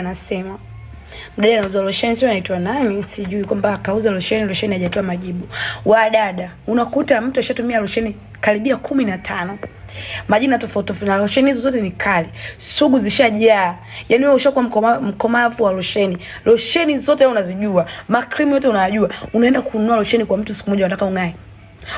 Anasema mdada anauza losheni, sio anaitwa nani, sijui kwamba akauza losheni, losheni hajatoa majibu. Wadada unakuta mtu ashatumia losheni karibia kumi na tano majina tofauti tofauti, na losheni hizo zote ni kali, sugu zishajaa. Yani wewe ushakuwa mkoma, mkomavu wa losheni. Losheni zote unazijua, makrimu yote unayajua, unaenda kununua losheni kwa mtu siku moja, unataka ung'ae,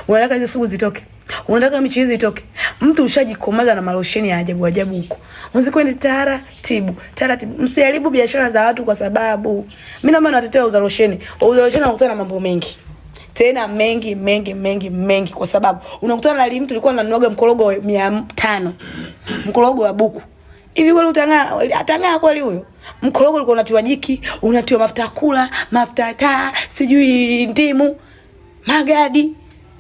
unataka hizo sugu zitoke unataka michizi itoke. Mtu ushajikomaza na malosheni ya ajabu ajabu huko, unzi kwenda taratibu taratibu. Msijaribu biashara za watu, kwa sababu mimi naomba natetea wauza losheni. Wauza losheni wanakutana na mambo mengi tena mengi mengi mengi mengi, kwa sababu unakutana na mtu alikuwa ananuaga mkorogo wa mia tano mkorogo wa buku hivi kweli utang'aa? Atang'aa kweli huyo mkorogo? Ulikuwa unatiwa jiki, unatiwa mafuta ya kula, mafuta ya taa, sijui ndimu, magadi,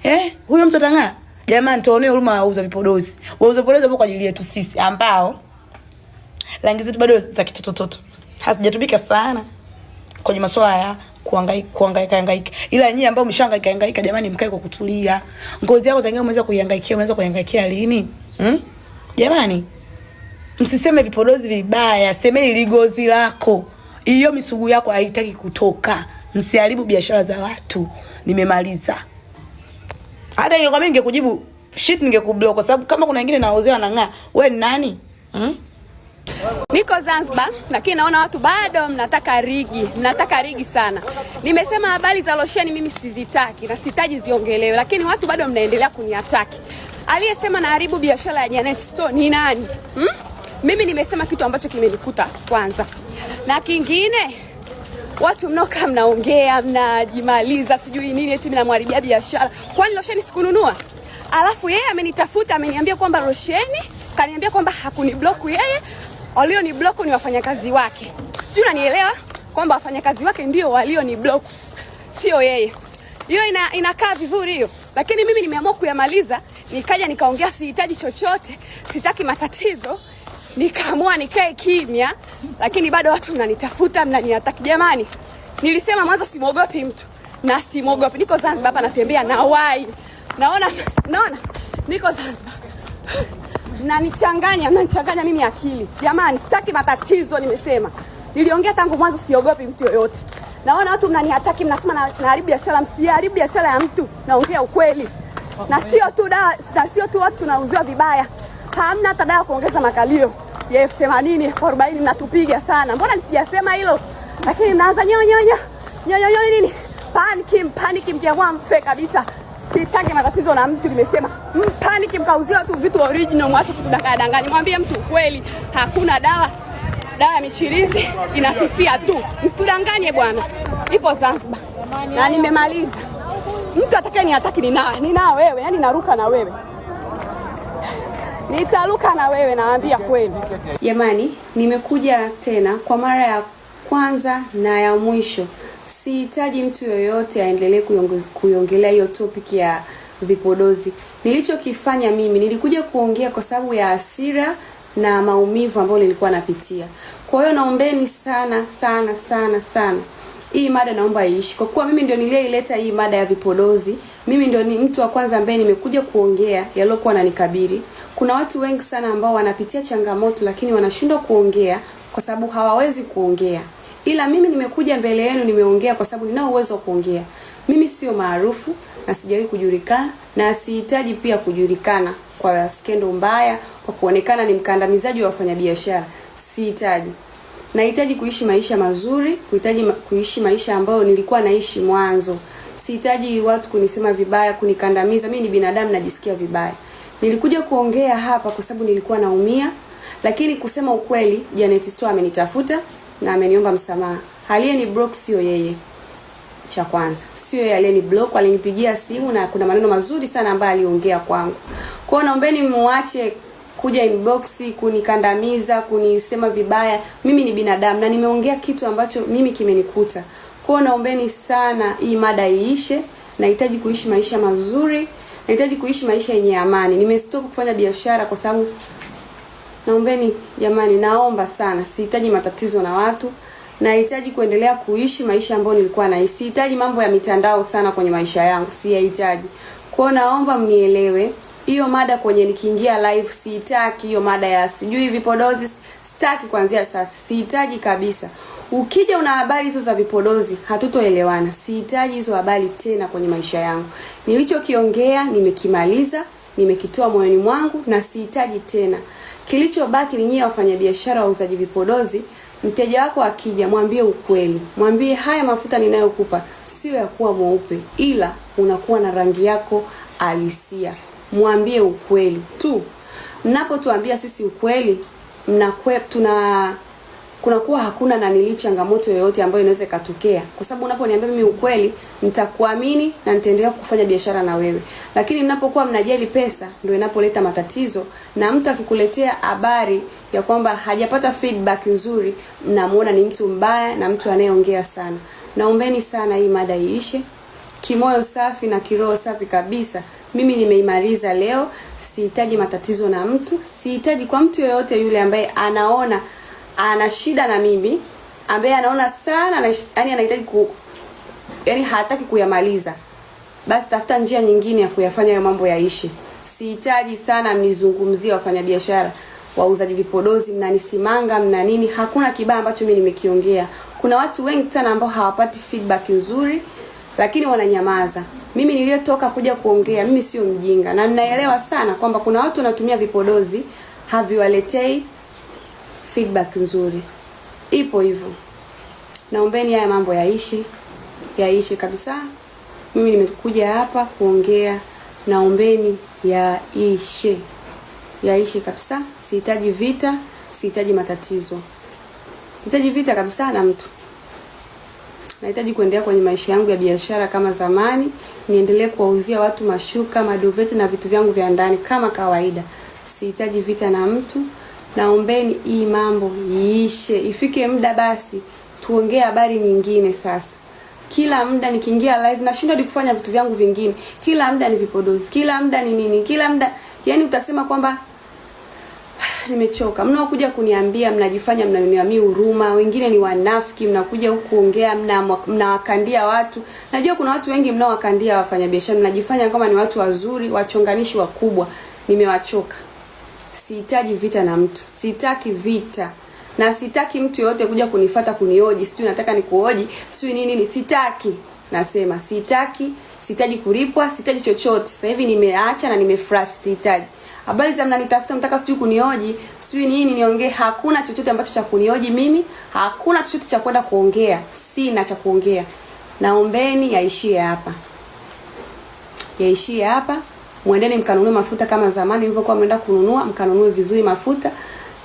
eh, huyo mtu atang'aa? Jamani, tuonee huruma wauza vipodozi. Wauza vipodozi hapo kwa ajili yetu sisi ambao rangi zetu bado za kitototo. Hazijatumika sana kwenye masuala ya kuhangaika kuhangaika hangaika. Ila nyinyi ambao mshangaika hangaika, jamani, mkae kwa kutulia. Ngozi yako tangia umeweza kuihangaikia, umeweza kuihangaikia lini? Hmm? Jamani, msiseme vipodozi vibaya, semeni ligozi lako. Hiyo misugu yako haitaki kutoka. Msiharibu biashara za watu. Nimemaliza. Hata hiyo mimi ningekujibu shit ningekublock kwa sababu kama kuna wengine naozea nang'aa, we ni nani? Hmm? Niko Zanzibar lakini naona watu bado mnataka rigi, mnataka rigi sana. Nimesema habari za losheni mimi sizitaki na sitaji ziongelewe, lakini watu bado mnaendelea kuniataki. Aliyesema naharibu biashara ya Janet Store ni nani? Hmm? Mimi nimesema kitu ambacho kimenikuta kwanza, na kingine watu mnaokaa mnaongea mnajimaliza sijui nini, eti mnamharibia biashara. Kwani losheni sikununua? Alafu yeye amenitafuta ameniambia kwamba losheni, kaniambia kwamba hakuni block yeye, walio ni block ni wafanyakazi wake. Sijui unanielewa kwamba wafanyakazi wake ndio walio ni block, sio yeye. Hiyo ina, inakaa vizuri hiyo, lakini mimi nimeamua kuyamaliza, nikaja nikaongea, sihitaji chochote, sitaki matatizo nikaamua nikae kimya, lakini bado watu mnanitafuta, mnaniataki. Jamani, nilisema mwanzo simwogopi mtu na simwogopi. Niko Zanzibar hapa natembea na wai, naona naona niko Zanzibar mnanichanganya, mnanichanganya mimi akili. Jamani, sitaki matatizo. Nimesema niliongea tangu mwanzo, siogopi mtu yoyote. Naona watu mnaniataki, mnasema naharibu biashara. Msiharibu biashara ya mtu, naongea ukweli na sio tu da, na sio tu watu tunauziwa vibaya hamna hata dawa kuongeza makalio ya elfu themanini kwa arobaini. Mnatupiga sana, mbona nisijasema hilo? Lakini mnaanza nyonyonya nyonyonya nini? Paniki, mpaniki, mkiamua mfe kabisa. Sitaki matatizo na mtu, nimesema mpaniki, mm, mkauzia tu vitu original, mwache kudanganya danganya. Mwambie mtu ukweli, hakuna dawa dawa ya michirizi inafifia tu, msitudanganye bwana. Ipo Zanzibar na nimemaliza. Mtu atakaye niataki ni nawe, ni na wewe, yani naruka na wewe nitaruka na wewe, naambia kweli. Jamani, nimekuja tena kwa mara ya kwanza na ya mwisho. Sihitaji mtu yoyote aendelee kuiongelea hiyo topic ya vipodozi. Nilichokifanya mimi nilikuja kuongea kwa sababu ya hasira na maumivu ambayo nilikuwa napitia. Kwa hiyo naombeni sana sana sana sana, hii mada naomba iishi, kwa kuwa mimi ndio niliyeileta hii mada ya vipodozi. Mimi ndio ni mtu wa kwanza ambaye nimekuja kuongea yaliokuwa nanikabili. Kuna watu wengi sana ambao wanapitia changamoto lakini wanashindwa kuongea kwa sababu hawawezi kuongea. Ila mimi nimekuja mbele yenu, nimeongea kwa sababu ninao uwezo wa kuongea. Mimi sio maarufu na sijawahi kujulikana na sihitaji pia kujulikana kwa skendo mbaya, kwa kuonekana ni mkandamizaji wa wafanyabiashara. Sihitaji. Nahitaji kuishi maisha mazuri, kuhitaji ma- kuishi maisha ambayo nilikuwa naishi mwanzo. Sihitaji watu kunisema vibaya, kunikandamiza. mii ni binadamu, najisikia vibaya. Nilikuja kuongea hapa kwa sababu nilikuwa naumia, lakini kusema ukweli, Janet Store amenitafuta na ameniomba msamaha. Aliye ni block sio yeye, cha kwanza sio yeye aliye ni block, alinipigia simu na kuna maneno mazuri sana ambayo aliongea kwangu. Kwa hiyo naombeni muache kuja inbox kunikandamiza, kunisema vibaya. Mimi ni binadamu na nimeongea kitu ambacho mimi kimenikuta. Kwa hiyo naombeni sana, hii mada iishe. Nahitaji kuishi maisha mazuri nahitaji kuishi maisha yenye amani. Nimestop kufanya biashara kwa sababu, naombeni jamani, naomba sana, sihitaji matatizo na watu, nahitaji kuendelea kuishi maisha ambayo nilikuwa naishi. Sihitaji mambo ya mitandao sana kwenye maisha yangu, siyahitaji. Kwa hiyo naomba mnielewe hiyo mada kwenye nikiingia live, sitaki hiyo mada ya sijui vipodozi, sitaki kuanzia sasa, sihitaji kabisa. Ukija una habari hizo za vipodozi, hatutoelewana. Sihitaji hizo habari tena kwenye maisha yangu. Nilichokiongea nimekimaliza, nimekitoa moyoni mwangu na sihitaji tena. Kilichobaki ni nyie wafanyabiashara wa uzaji vipodozi. Mteja wako akija, mwambie ukweli, mwambie haya mafuta ninayokupa sio ya kuwa mweupe, ila unakuwa na rangi yako alisia. Mwambie ukweli tu. Napotuambia sisi ukweli mnakwe, tuna kunakuwa hakuna nanili changamoto yoyote ambayo inaweza ikatokea, kwa sababu unaponiambia mimi ukweli, nitakuamini na nitaendelea kufanya biashara na wewe. Lakini mnapokuwa mnajali pesa, ndio inapoleta matatizo, na mtu akikuletea habari ya kwamba hajapata feedback nzuri, mnamuona ni mtu mbaya na mtu anayeongea sana. Naombeni sana hii mada iishe, kimoyo safi na kiroho safi kabisa mimi nimeimaliza leo. Sihitaji matatizo na mtu, sihitaji kwa mtu yoyote yule ambaye anaona ana shida na mimi, ambaye anaona sana, yaani anahitaji ku, yaani hataki kuyamaliza, basi tafuta njia nyingine ya kuyafanya hayo mambo yaishi. Sihitaji sana mnizungumzie wafanyabiashara wauzaji vipodozi, mnanisimanga mna nini. Hakuna kibaya ambacho mimi nimekiongea. Kuna watu wengi sana ambao hawapati feedback nzuri lakini wananyamaza. Mimi niliyotoka kuja kuongea, mimi sio mjinga, na ninaelewa sana kwamba kuna watu wanatumia vipodozi haviwaletei feedback nzuri. Ipo hivyo, naombeni haya mambo yaishi, yaishi kabisa. Mimi nimekuja hapa kuongea, naombeni yaishe, yaishe kabisa. Sihitaji vita, sihitaji matatizo, sihitaji vita kabisa na mtu nahitaji kuendelea kwenye maisha yangu ya biashara kama zamani, niendelee kuwauzia watu mashuka, maduveti na vitu vyangu vya ndani kama kawaida. Sihitaji vita na mtu. Naombeni hii mambo iishe, ifike muda basi tuongee habari nyingine. Sasa kila muda nikiingia live nashindwa di kufanya vitu vyangu vingine, kila muda ni vipodozi, kila muda ni nini, kila muda yani utasema kwamba nimechoka. Mnaokuja kuniambia mnajifanya mnaniamii huruma, wengine ni wanafiki, mnakuja huku kuongea, mnawakandia mna watu. Najua kuna watu wengi mnaowakandia wafanyabiashara, mnajifanya kama ni watu wazuri, wachonganishi wakubwa. Nimewachoka. Sihitaji vita na mtu, sitaki vita na sitaki mtu yoyote kuja kunifata kunioji, sijui nataka nikuoji, sijui nini ni sitaki. Nasema sitaki, sihitaji kulipwa, sihitaji chochote. Sasa hivi nimeacha na nimefresh, sihitaji habari za mnanitafuta mtaka sijui kunioji sijui nini niongee. Hakuna chochote ambacho cha kunioji mimi, hakuna chochote cha kwenda kuongea, sina cha kuongea. Naombeni yaishie hapa, yaishie hapa. Mwendeni mkanunue mafuta kama zamani nilivyokuwa mnaenda kununua, mkanunue vizuri mafuta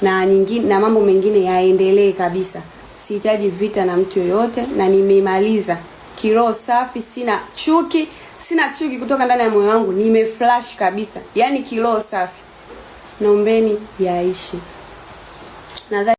na nyingine, na mambo mengine yaendelee kabisa. Sihitaji vita na mtu yoyote, na nimemaliza kiroho safi, sina chuki, sina chuki kutoka ndani ya moyo wangu, nimeflash kabisa, yaani kiroho safi. Naombeni yaishi. Nadhani